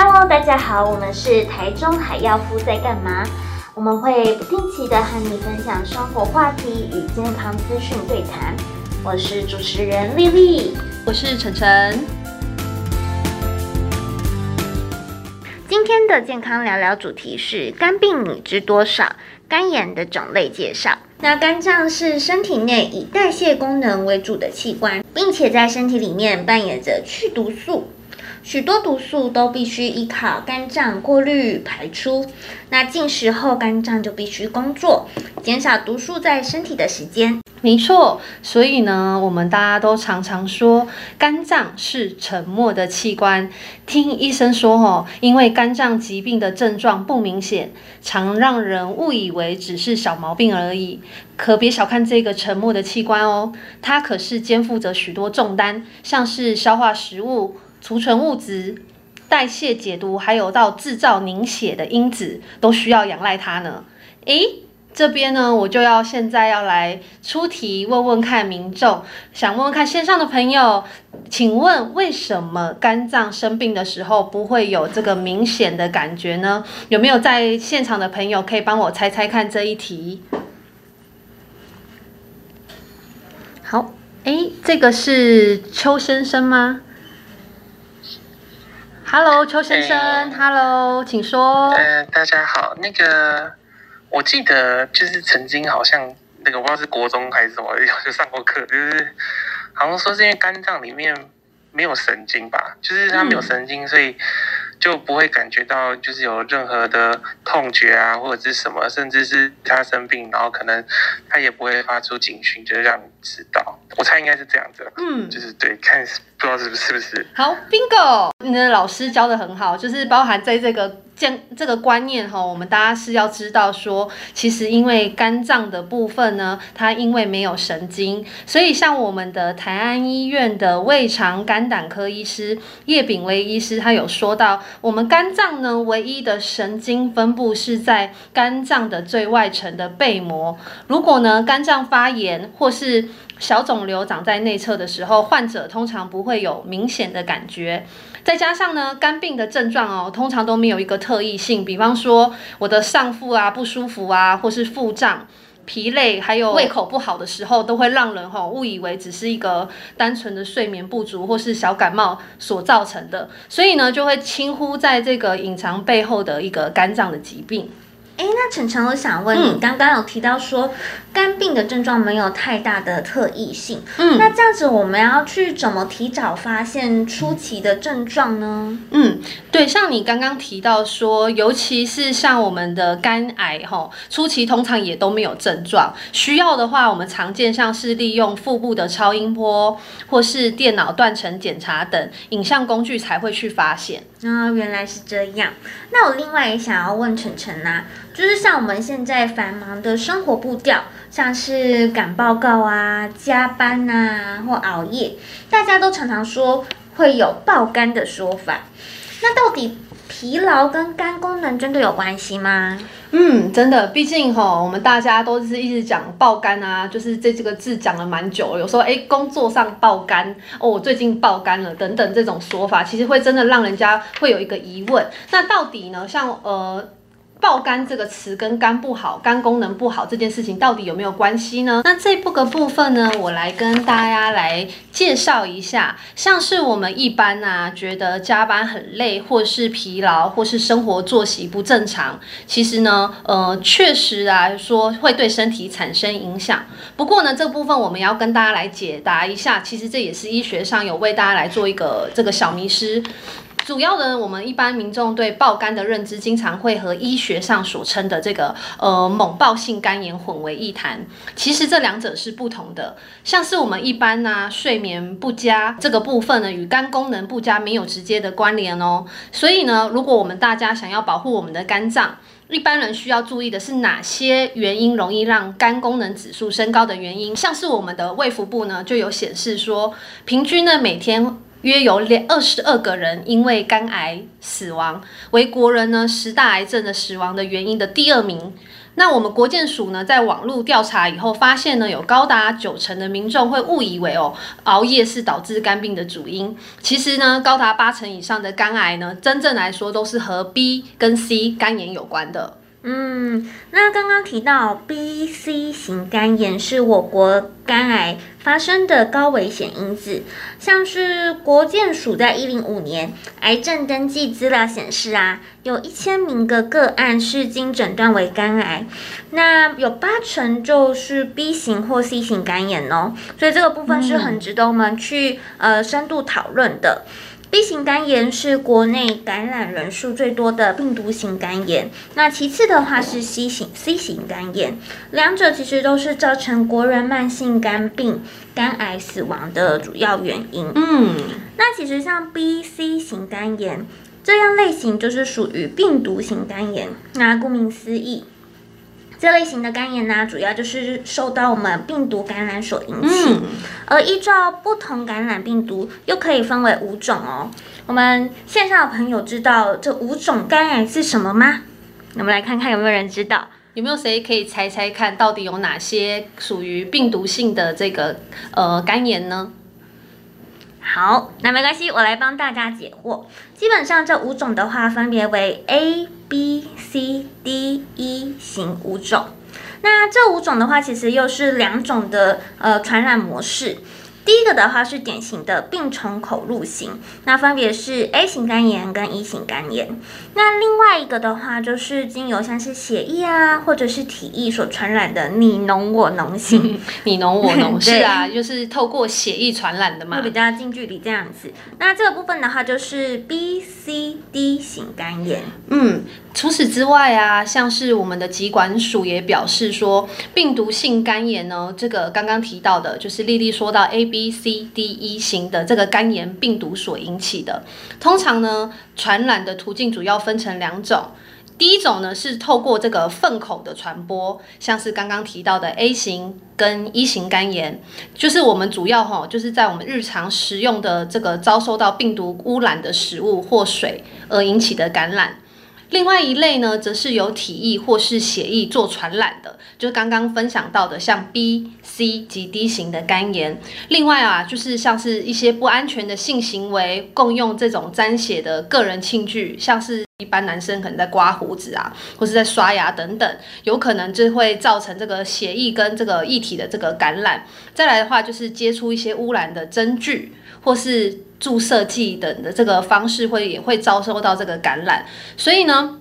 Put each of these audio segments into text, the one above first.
Hello，大家好，我們是台中海藥夫在幹嘛？我們會不定期的和你分享生活話題與健康資訊對談。我是主持人麗麗，我是晨晨。今天的健康聊聊主題是肝病你知多少？肝炎的種類介紹。那肝臟是身體內以代謝功能為主的器官，並且在身體裡面扮演着去毒素。許多毒素都必須依靠肝臟過濾排出，那進食後肝臟就必須工作，減少毒素在身體的時間。沒錯，所以呢，我們大家都常常說肝臟是沉默的器官。聽醫生說，哦，因為肝臟疾病的症狀不明顯，常讓人誤以為只是小毛病而已。可別小看這個沉默的器官哦，它可是肩負着許多重擔，像是消化食物。儲存物質、代謝解毒，還有到製造凝血的因子，都需要仰賴它呢。哎、欸，這邊呢，我就要現在要來出題，問問看民眾，想問問看線上的朋友，請問為什麼肝臟生病的時候不會有這個明顯的感覺呢？有沒有在現場的朋友可以幫我猜猜看這一題？好，哎、欸，這個是邱先生，生嗎？Hello，邱先生，欸、，Hello，請說。嗯、呃，大家好，那個我記得就是曾經好像那個我不知道是國中還是什麼，有就上過課，就是好像說是因為肝臟裡面沒有神經吧，就是它沒有神經，嗯、所以。就不會感覺到就是有任何的痛覺啊，或者是什麼，甚至是他生病，然後可能他也不會發出警訊，就是、讓你知道。我猜應該是這樣子，嗯，就是對，看不知道是不是不是。好，Bingo，你的老師教得很好，就是包含在這個。這這個觀念哈，我們大家是要知道說，其實因為肝臟的部分呢，它因為沒有神經，所以像我們的台安醫院的胃腸肝膽科醫師葉炳威醫師，他有說到，我們肝臟呢唯一的神經分布是在肝臟的最外層的被膜。如果呢肝臟發炎或是小腫瘤長在內側的時候，患者通常不會有明顯的感覺。再加上呢，肝病的症狀哦，通常都沒有一個特異性。比方說，我的上腹啊不舒服啊，或是腹脹、疲累，還有胃口不好的時候，都會讓人哦誤以為只是一個單純的睡眠不足或是小感冒所造成的。所以呢，就會輕忽在這個隱藏背後的一個肝臟的疾病。誒，那晨晨，我想問你，嗯，剛剛有提到說肝病的症狀沒有太大的特異性，嗯，那這樣子我們要去怎麼提早發現初期的症狀呢？嗯，對，像你剛剛提到說，尤其是像我們的肝癌，初期通常也都沒有症狀，需要的話，我們常見像是利用腹部的超音波或是電腦斷層檢查等影像工具才會去發現。那、呃、原來是這樣，那我另外也想要問晨晨吶，啊，就是像我們現在繁忙的生活步調，像是趕報告啊、加班吶，啊、或熬夜，大家都常常說會有爆肝的說法，那到底？疲勞跟肝功能真的有關係嗎？嗯，真的，畢竟吼，我們大家都是一直講爆肝啊，就是這幾個字講了蠻久了，有時候哎、欸，工作上爆肝哦，我最近爆肝了等等這種說法，其實會真的讓人家會有一個疑問，那到底呢？像呃。爆肝這個詞跟肝不好、肝功能不好這件事情到底有沒有關係呢？那這部個部分呢，我來跟大家來介紹一下。像是我們一般啊，覺得加班很累，或是疲勞，或是生活作息不正常，其實呢，呃，確實來說會對身體產生影響。不過呢，這部分我們要跟大家來解答一下，其實這也是醫學上有為大家來做一個這個小迷思。主要的，我們一般民眾對爆肝的認知，經常會和醫學上所稱的這個呃猛爆性肝炎混為一談。其實這兩者是不同的。像是我們一般呢、啊、睡眠不佳這個部分呢，與肝功能不佳沒有直接的關聯哦。所以呢，如果我們大家想要保護我們的肝臟，一般人需要注意的是哪些原因容易讓肝功能指數升高的原因？像是我們的衛福部呢，就有顯示說，平均呢每天。約有兩二十二個人因為肝癌死亡，為國人呢十大癌症的死亡的原因的第二名。那我們國健署呢，在網絡調查以後發現呢，有高達九成的民眾會誤以為哦，熬夜是導致肝病的主因。其實呢，高達八成以上的肝癌呢，真正來說都是和 B 跟 C 肝炎有關的。嗯，那剛剛提到 B、C 型肝炎，是我國肝癌發生的高危險因子，像是國健署在一零五年癌症登記資料顯示啊，有一千名的個、個案是經診斷為肝癌，那有八成就是 B 型或 C 型肝炎，哦，所以這個部分是很值得我們去呃深度討論的。嗯 B 型肝炎是國內感染人數最多的病毒型肝炎，那其次的話是 C 型 C 型肝炎，兩者其實都是造成國人慢性肝病、肝癌死亡的主要原因。嗯，那其實像 B、C 型肝炎這樣類型就是屬於病毒型肝炎，那顧名思義。這類型的肝炎呢、啊，主要就是受到我們病毒感染所引起，嗯、而依照不同感染病毒，又可以分為五種哦。我們線上的朋友知道這五種肝炎是什麼嗎？那我們來看看有沒有人知道，有沒有誰可以猜猜看，到底有哪些屬於病毒性的這個呃肝炎呢？好，那沒關係，我來幫大家解惑。基本上這五種的話，分別為 A。B、C、D、E 型五種，那這五種的話，其實又是兩種的呃傳染模式。第一個的話是典型的病從口入型，那分別是 A 型肝炎跟 E 型肝炎。那另外一個的話就是經由像是血液啊或者是體液所傳染的你儂我儂型， 你儂我儂 對是啊，就是透過血液傳染的嘛，會比較近距離這樣子。那這個部分的話就是 B、C、D 型肝炎。嗯，除此之外啊，像是我們的疾管署也表示說，病毒性肝炎呢，這個剛剛提到的就是莉莉說到 A、B。B、C、D、E 型的這個肝炎病毒所引起的，通常呢，傳染的途徑主要分成兩種。第一種呢是透過這個糞口的傳播，像是剛剛提到的 A 型跟 E 型肝炎，就是我們主要吼就是在我們日常食用的這個遭受到病毒污染的食物或水而引起的感染。另外一類呢，則是由體液或是血液做傳染的，就是剛剛分享到的像 B、C 及 D 型的肝炎。另外啊，就是像是一些不安全的性行為、共用這種沾血的個人器具，像是一般男生可能在刮鬍子啊，或是在刷牙等等，有可能就會造成這個血液跟這個液體的這個感染。再來的話，就是接觸一些污染的針具。或是注射劑等的這個方式，會也會遭受到這個感染，所以呢。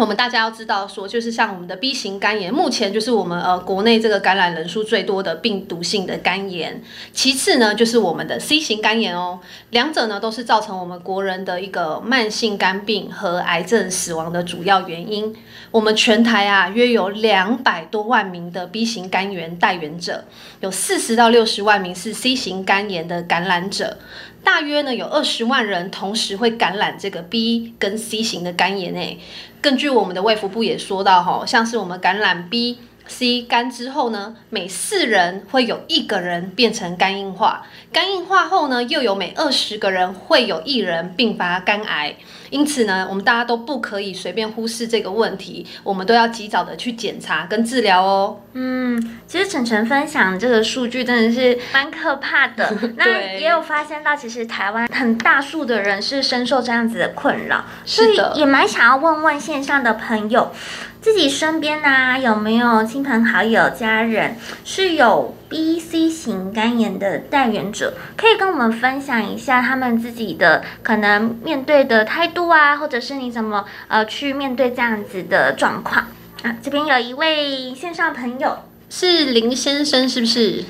我們大家要知道說，說就是像我們的 B 型肝炎，目前就是我們呃國內這個感染人數最多的病毒性的肝炎。其次呢，就是我們的 C 型肝炎哦，兩者呢都是造成我們國人的一個慢性肝病和癌症死亡的主要原因。我們全台啊約有兩百多萬名的 B 型肝炎帶原者，有四十到六十萬名是 C 型肝炎的感染者。大約呢有二十萬人同時會感染這個 B 跟 C 型的肝炎誒。根據我們的衛福部也說到，哈，像是我們感染 B。C 肝之後呢，每四人會有一個人變成肝硬化，肝硬化後呢，又有每二十個人會有一人併發肝癌。因此呢，我們大家都不可以隨便忽視這個問題，我們都要及早的去檢查跟治療哦。嗯，其實晨晨分享這個數據真的是蠻可怕的。 對那也有發現到，其實台灣很大數的人是深受這樣子的困擾，是的所以也蠻想要問問線上的朋友，自己身邊吶、啊，有沒有親朋好友、家人是有 B、C 型肝炎的帶原者？可以跟我們分享一下他們自己的可能面對的態度啊，或者是你怎麼呃去面對這樣子的狀況啊？這邊有一位線上朋友，是林先生，是不是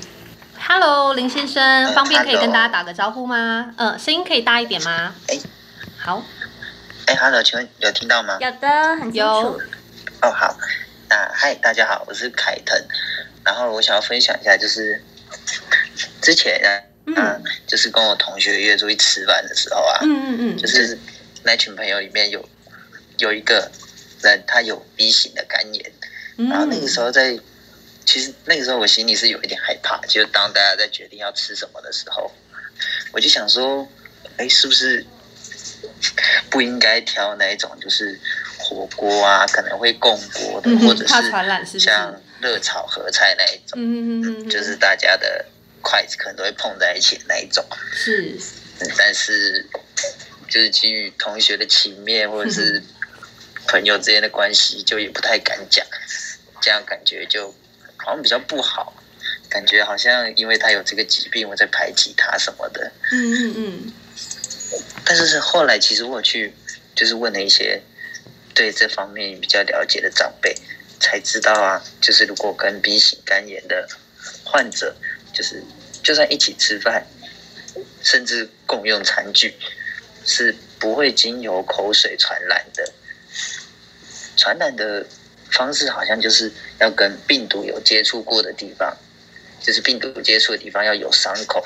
？Hello，林先生，hey, 方便可以 hello. 跟大家打個招呼嗎？呃，聲音可以大一點嗎？誒，Hey. 好。誒，Hello，請問有聽到嗎？有的，很清楚。哦好，那、啊、嗨，大家好，我是凱騰，然後我想要分享一下，就是之前呢、啊，嗯、啊，就是跟我同學約出去吃飯的時候啊，嗯嗯嗯，嗯就是那群朋友裡面有有一個人，他有 B 型的肝炎，然後那個時候在，嗯、其實那個時候我心裡是有一點害怕，就是當大家在決定要吃什麼的時候，我就想說，哎，是不是不應該挑那一種就是。火鍋啊，可能會共鍋的，或者是像熱炒合菜那一種，嗯、是是就是大家的筷子可能都會碰在一起的那一種。是，是、嗯，但是就是基於同學的情面，或者是朋友之間的關係，就也不太敢講。嗯、哼這樣感覺就好像比較不好，感覺好像因為他有這個疾病，我在排擠他什麼的。嗯嗯嗯。但是是後來，其實我去就是問了一些。對這方面比較了解的長輩才知道啊，就是如果跟 B 型肝炎的患者，就是就算一起吃飯，甚至共用餐具，是不會經由口水傳染的。傳染的方式好像就是要跟病毒有接觸過的地方，就是病毒接觸的地方要有傷口，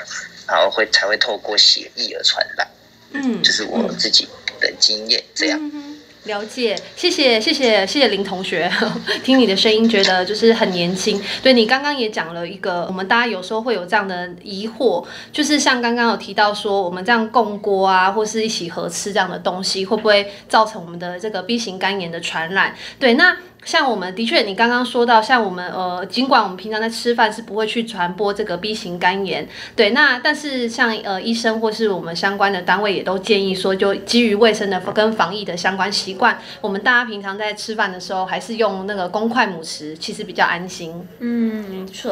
然後會才會透過血液而傳染。嗯，嗯，就是我自己的經驗這樣。了解，謝謝，謝謝，謝謝林同學，呵呵，聽你的聲音覺得就是很年輕。對，你剛剛也講了一個，我們大家有時候會有這樣的疑惑，就是像剛剛有提到說，我們這樣共鍋啊，或是一起合吃這樣的東西，會不會造成我們的這個 B 型肝炎的傳染？對，那。像我們的確，你剛剛說到，像我們呃，儘管我們平常在吃飯是不會去傳播這個 B 型肝炎，對那，但是像呃醫生或是我們相關的單位也都建議說，就基於衛生的跟防疫的相關習慣，我們大家平常在吃飯的時候還是用那個公筷母匙，其實比較安心。嗯，沒錯。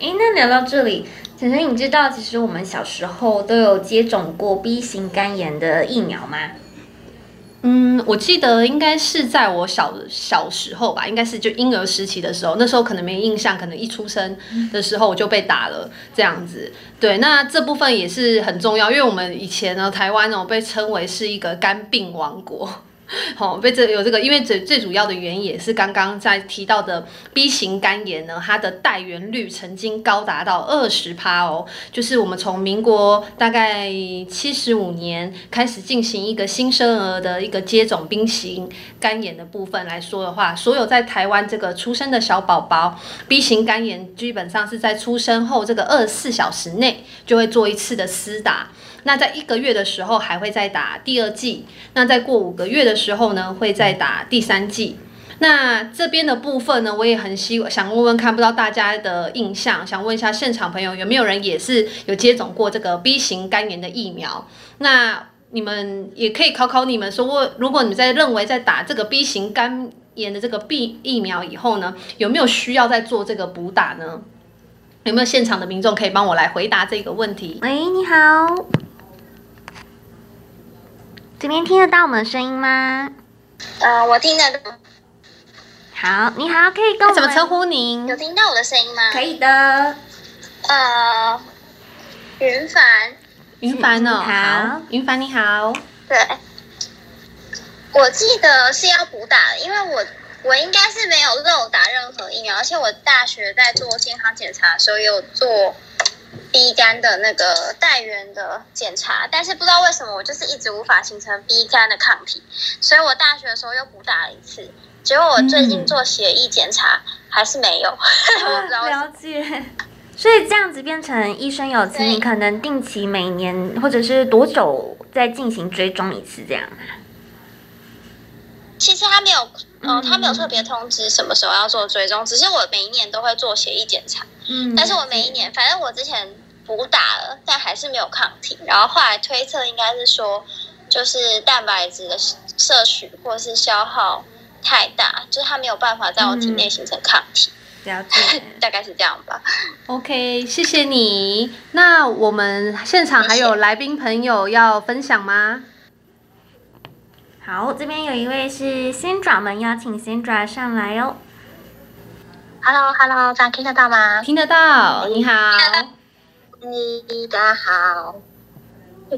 誒，那聊到這裡，晨晨，你知道其實我們小時候都有接種過 B 型肝炎的疫苗嗎？嗯，我記得應該是在我小小時候吧，應該是就嬰兒時期的時候，那時候可能沒印象，可能一出生的時候我就被打了這樣子。對，那這部分也是很重要，因為我們以前呢，台灣呢，我被稱為是一個肝病王國。好、哦，被這有這個，因為最最主要的原因也是剛剛在提到的 B 型肝炎呢，它的帶原率曾經高達到二十趴哦。就是我們從民國大概七十五年開始進行一個新生兒的一個接種 B 型肝炎的部分來說的話，所有在台灣這個出生的小寶寶 B 型肝炎基本上是在出生後這個二十四小時內就會做一次的施打。那在一個月的時候還會再打第二劑，那再過五個月的時候呢，會再打第三劑。那這邊的部分呢，我也很希望、想問問看不到大家的印象，想問一下現場朋友有沒有人也是有接種過這個 B 型肝炎的疫苗？那你們也可以考考你們說，說如果你們在認為在打這個 B 型肝炎的這個 B 疫苗以後呢，有沒有需要再做這個補打呢？有沒有現場的民眾可以幫我來回答這個問題？喂，你好。今天聽得到我們的聲音嗎？呃，我聽得到。好，你好，可以跟我怎麼稱呼您？有聽到我的聲音嗎？可以的。呃，云凡。云凡哦，好，云凡你好。好，你好，對。我記得是要補打，因為我我應該是沒有漏打任何疫苗，而且我大學在做健康檢查的時候也有做。B 肝的那個帶原的檢查，但是不知道為什麼我就是一直無法形成 B 肝的抗體，所以我大學的時候又補打了一次，結果我最近做血液檢查還是沒有。嗯、我不了解。所以這樣子變成醫生有請對你可能定期每年或者是多久再進行追蹤一次這樣。其實他沒有。嗯、哦，他沒有特別通知什麼時候要做追蹤，只是我每一年都會做血液檢查。嗯，但是我每一年，反正我之前補打了，但還是沒有抗體。然後後來推測應該是說，就是蛋白質的攝取或是消耗太大，就是他沒有辦法在我體內形成抗體。嗯、了解， 大概是這樣吧。OK，謝謝你。那我們現場還有來賓朋友要分享嗎？謝謝好，這邊有一位是仙爪們，邀請仙爪上來喲、哦。Hello，Hello，大家聽得到嗎？聽得到，你好。你的好。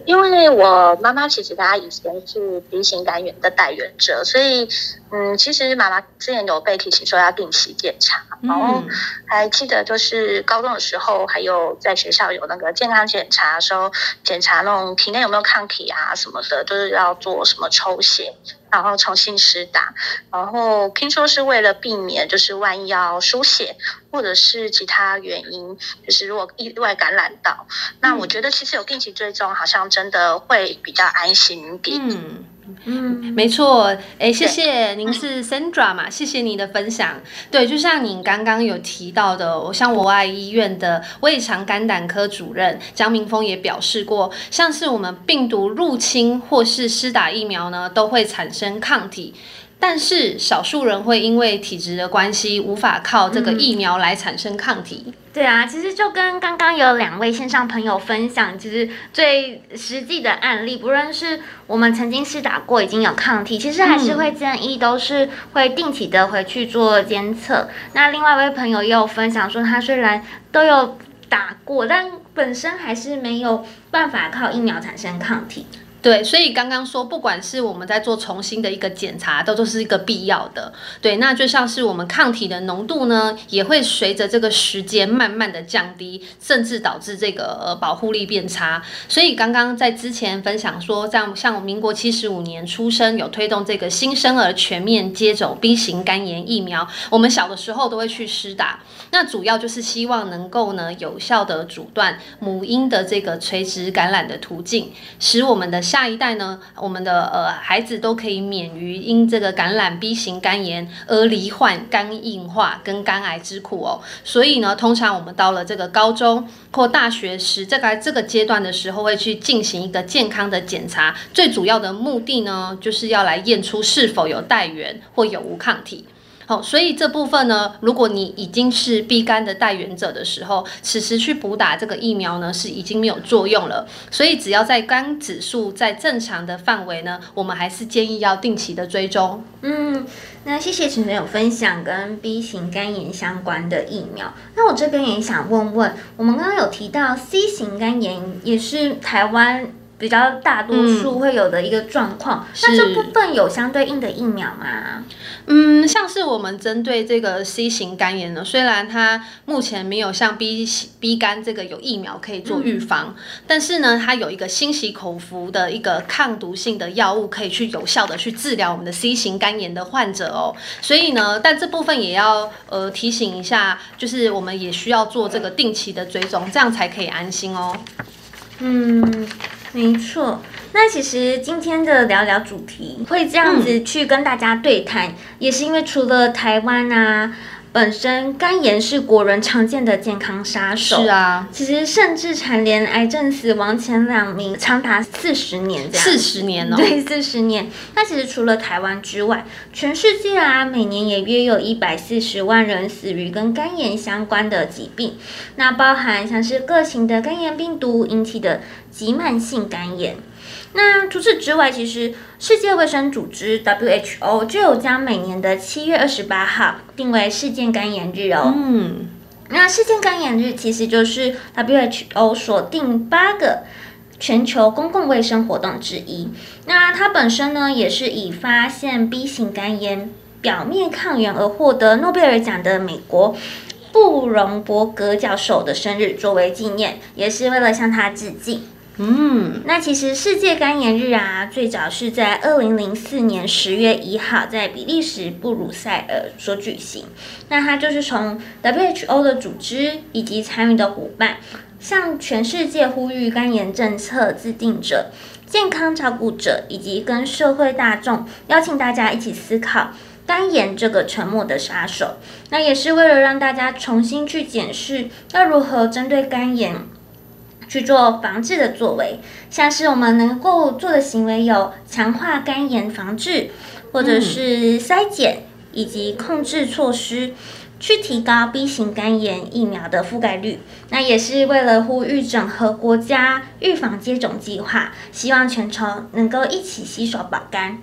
因為我媽媽其實她以前是 B 型肝炎的帶原者，所以嗯，其實媽媽之前有被提醒說要定期檢查，嗯、然後還記得就是高中的時候，還有在學校有那個健康檢查的時候，檢查那種體內有沒有抗體啊什麼的，都、就是要做什麼抽血。然後重新施打，然後聽說是為了避免，就是萬一要輸血或者是其他原因，就是如果意外感染到，那我覺得其實有定期追蹤，好像真的會比較安心一點。嗯嗯，沒錯，哎、欸，謝謝對您是 Sandra 嘛，謝謝您的分享。對，就像您剛剛有提到的，我像我愛醫院的胃腸肝膽科主任江明峰也表示過，像是我們病毒入侵或是施打疫苗呢，都會產生抗體。但是少數人會因為體質的關係，無法靠這個疫苗來產生抗體。嗯、對啊，其實就跟剛剛有兩位線上朋友分享，其實最實際的案例，不論是我們曾經施打過已經有抗體，其實還是會建議都是會定期的回去做監測。嗯、那另外一位朋友又分享說，他雖然都有打過，但本身還是沒有辦法靠疫苗產生抗體。對，所以剛剛說，不管是我們在做重新的一個檢查，都都是一個必要的。對，那就像是我們抗體的濃度呢，也會隨着這個時間慢慢的降低，甚至導致這個呃保護力變差。所以剛剛在之前分享說，像樣像我民國七十五年出生，有推動這個新生兒全面接種 B 型肝炎疫苗，我們小的時候都會去施打，那主要就是希望能夠呢有效的阻斷母嬰的這個垂直感染的途徑，使我們的。下一代呢，我們的呃孩子都可以免於因這個感染 B 型肝炎而罹患肝硬化跟肝癌之苦哦，喔。所以呢，通常我們到了這個高中或大學時，這個，這個這個階段的時候，會去進行一個健康的檢查，最主要的目的呢，就是要來驗出是否有帶原或有無抗體。好、哦，所以這部分呢，如果你已經是 B 肝的帶原者的時候，此時去補打這個疫苗呢，是已經沒有作用了。所以只要在肝指數在正常的範圍呢，我們還是建議要定期的追蹤。嗯，那謝謝陳總有分享跟 B 型肝炎相關的疫苗。那我這邊也想問問，我們剛剛有提到 C 型肝炎也是台灣。比較大多數會有的一個狀況，嗯、那這部分有相對應的疫苗嗎？嗯，像是我們針對這個 C 型肝炎呢，雖然它目前沒有像 B 型 B 肝這個有疫苗可以做預防，嗯、但是呢，它有一個新洗口服的一個抗毒性的藥物可以去有效的去治療我們的 C 型肝炎的患者哦。所以呢，但這部分也要呃提醒一下，就是我們也需要做這個定期的追蹤，嗯、這樣才可以安心哦。嗯。沒錯，那其實今天的聊聊主題會這樣子去跟大家對談，嗯，也是因為除了台灣啊，本身肝炎是國人常見的健康殺手，是啊，其實甚至蟬聯癌症死亡前兩名，長達四十年這樣。四十年哦，對，四十年。那其實除了台灣之外，全世界啊，每年也約有一百四十萬人死於跟肝炎相關的疾病，那包含像是各型的肝炎病毒引起的急慢性肝炎。那除此之外，其實世界衛生組織 （WHO） 就有將每年的七月二十八號定為世界肝炎日哦。嗯，那世界肝炎日其實就是 WHO 所定八個全球公共衛生活動之一。那它本身呢，也是以發現 B 型肝炎表面抗原而獲得諾貝爾獎的美國布隆伯格教授的生日作為紀念，也是為了向他致敬。嗯，那其實世界肝炎日啊，最早是在二零零四年十月一號在比利時布魯塞爾所舉行。那它就是從 WHO 的組織以及參與的夥伴，向全世界呼籲肝炎政策制定者、健康照顧者以及跟社會大眾，邀請大家一起思考肝炎這個沉默的殺手。那也是為了讓大家重新去檢視要如何針對肝炎，去做防治的作為，像是我們能夠做的行為有強化肝炎防治，或者是篩檢以及控制措施，嗯、去提高 B 型肝炎疫苗的覆蓋率。那也是為了呼籲整合國家預防接種計劃，希望全球能夠一起攜手保肝。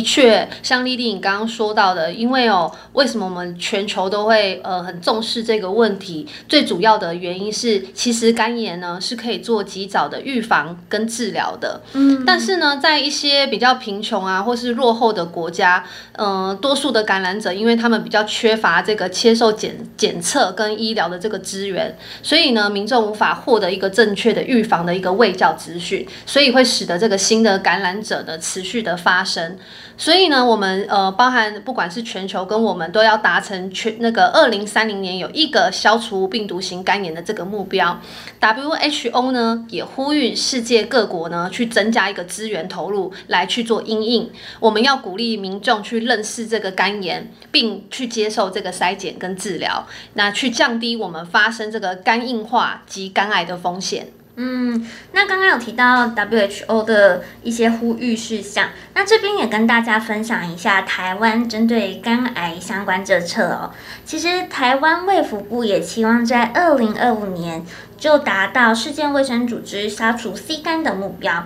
的確，像麗麗你剛剛說到的，因為哦、喔，為什麼我們全球都會呃很重視這個問題？最主要的原因是，其實肝炎呢是可以做及早的預防跟治療的。嗯，嗯。但是呢，在一些比較貧窮啊，或是落後的國家，嗯、呃，多數的感染者，因為他們比較缺乏這個接受檢檢測跟醫療的這個資源，所以呢，民眾無法獲得一個正確的預防的一個衛教資訊，所以會使得這個新的感染者呢持續的發生。所以呢，我們呃，包含不管是全球跟我們，都要達成全那個二零三零年有一個消除病毒性肝炎的這個目標。WHO 呢也呼籲世界各國呢去增加一個資源投入來去做因應，我們要鼓勵民眾去認識這個肝炎，並去接受這個篩檢跟治療，那去降低我們發生這個肝硬化及肝癌的風險。嗯，那剛剛有提到 WHO 的一些呼籲事項，那這邊也跟大家分享一下台灣針對肝癌相關政策哦。其實台灣衛福部也期望在二零二五年就達到世界衛生組織消除 C 肝的目標。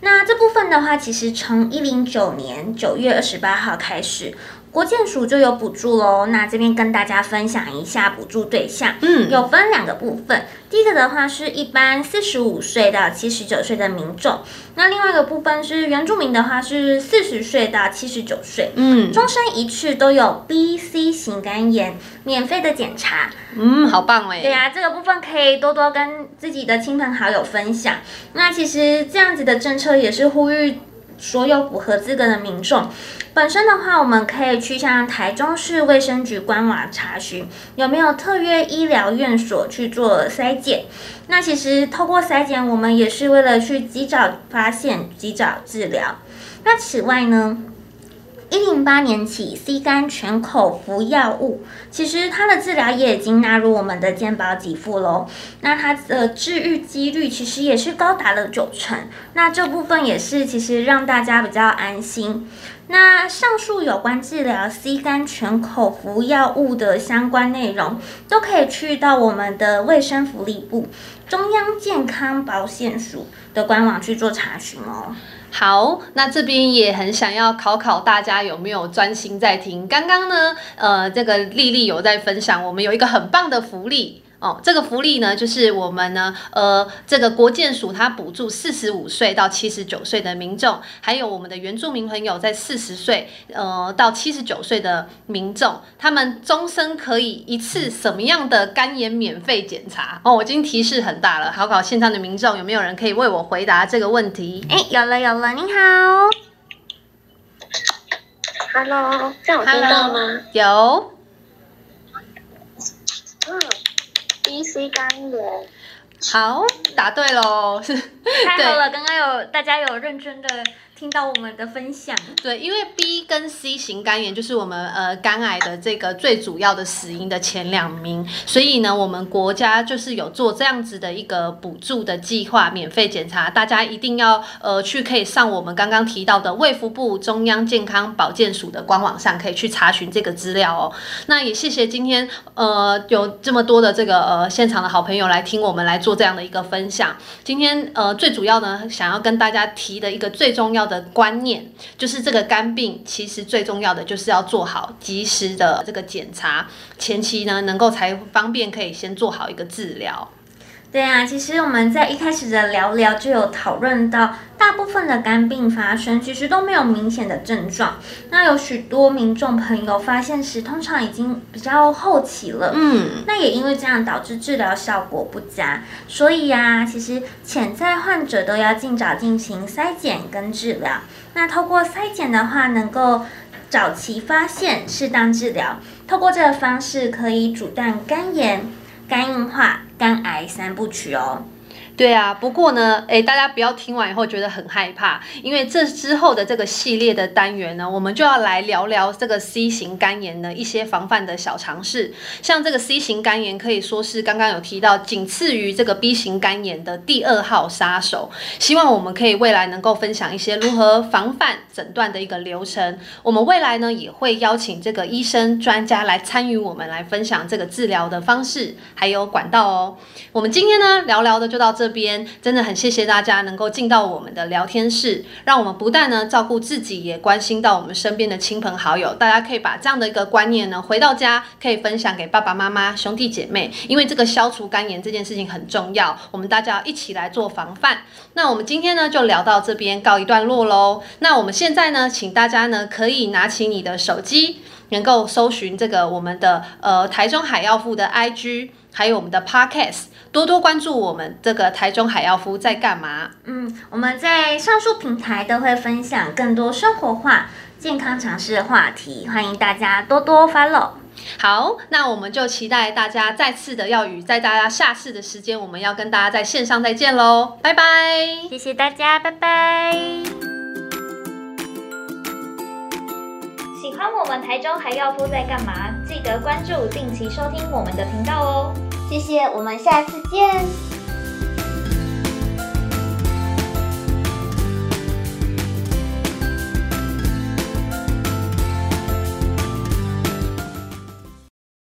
那這部分的話，其實從一零九年九月二十八號開始。國健署就有補助嘍，那這邊跟大家分享一下補助對象，嗯，有分兩個部分，第一個的話是一般四十五歲到七十九歲的民眾，那另外一個部分是原住民的話是四十歲到七十九歲，嗯，終身一次都有 B、C 型肝炎免費的檢查，嗯，好棒哎、欸，對呀、啊，這個部分可以多多跟自己的親朋好友分享，那其實這樣子的政策也是呼籲。所有符合資格的民眾，本身的話，我們可以去向台中市衛生局官網查詢有沒有特約醫療院所去做篩檢。那其實透過篩檢，我們也是為了去及早發現、及早治療。那此外呢？一零八年起，C 肝全口服藥物，其實它的治療也已經納入我們的健保給付嘍。那它的治癒幾率其實也是高達了九成，那這部分也是其實讓大家比較安心。那上述有關治療 C 肝全口服藥物的相關內容，都可以去到我們的衛生福利部中央健康保險署的官網去做查詢哦。好，那這邊也很想要考考大家有沒有專心在聽。剛剛呢，呃，這個麗麗有在分享，我們有一個很棒的福利。哦，這個福利呢，就是我們呢，呃，這個國健署它補助四十五歲到七十九歲的民眾，還有我們的原住民朋友在四十歲，呃，到七十九歲的民眾，他們終身可以一次什麼樣的肝炎免費檢查？哦，我已經提示很大了，好,好，考現場的民眾有沒有人可以為我回答這個問題？哎、欸，有了，有了，你好，Hello，在我聽到嗎？Hello, 有。鼻息感染。好，答對嘍！嗯、 對，太好了，剛剛有大家有認真的。聽到我們的分享，對，因為 B 跟 C 型肝炎就是我們呃肝癌的這個最主要的死因的前兩名，所以呢，我們國家就是有做這樣子的一個補助的計劃，免費檢查，大家一定要呃去，可以上我們剛剛提到的衛福部中央健康保健署的官網上，可以去查詢這個資料哦。那也謝謝今天呃有這麼多的這個呃現場的好朋友來聽我們來做這樣的一個分享。今天呃最主要呢，想要跟大家提的一個最重要的。的觀念就是這個肝病，其實最重要的就是要做好及時的這個檢查，前期呢，能夠才方便可以先做好一個治療。對啊，其實我們在一開始的聊聊就有討論到，大部分的肝病發生其實都沒有明顯的症狀，那有許多民眾朋友發現時，通常已經比較後期了，嗯，那也因為這樣導致治療效果不佳，所以呀、啊，其實潛在患者都要盡早進行篩檢跟治療，那透過篩檢的話，能夠早期發現，適當治療，透過這個方式可以阻斷肝炎、肝硬化。肝癌三部曲哦。對啊，不過呢，誒，大家不要聽完以後覺得很害怕，因為這之後的這個系列的單元呢，我們就要來聊聊這個 C 型肝炎的一些防範的小常識。像這個 C 型肝炎可以說是剛剛有提到，僅次於這個 B 型肝炎的第二號殺手。希望我們可以未來能夠分享一些如何防範、診斷的一個流程。我們未來呢，也會邀請這個醫生專家來參與我們來分享這個治療的方式，還有管道哦。我們今天呢，聊聊的就到這。這邊真的很謝謝大家能夠進到我們的聊天室，讓我們不但呢，照顧自己，也關心到我們身邊的親朋好友。大家可以把這樣的一個觀念呢，回到家可以分享給爸爸媽媽、兄弟姐妹，因為這個消除肝炎這件事情很重要，我們大家一起來做防範。那我們今天呢就聊到這邊告一段落嘍。那我們現在呢，請大家呢可以拿起你的手機，能夠搜尋這個我們的呃台中海藥婦的 IG，還有我們的 Podcast。多多關注我們這個台中海藥夫在幹嘛？嗯，我們在上述平台都會分享更多生活化、健康常識的話題，歡迎大家多多 follow。好，那我們就期待大家再次的要與在大家下次的時間，我們要跟大家在線上再見嘍，拜拜。謝謝大家，拜拜。喜歡我們台中海藥夫在幹嘛？記得關注，定期收聽我們的頻道哦。謝謝，我們下次見。